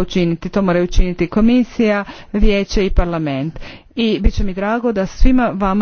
učiniti. To moraju učiniti komisija, vijeće i parlament. I bit će mi drago da svima vama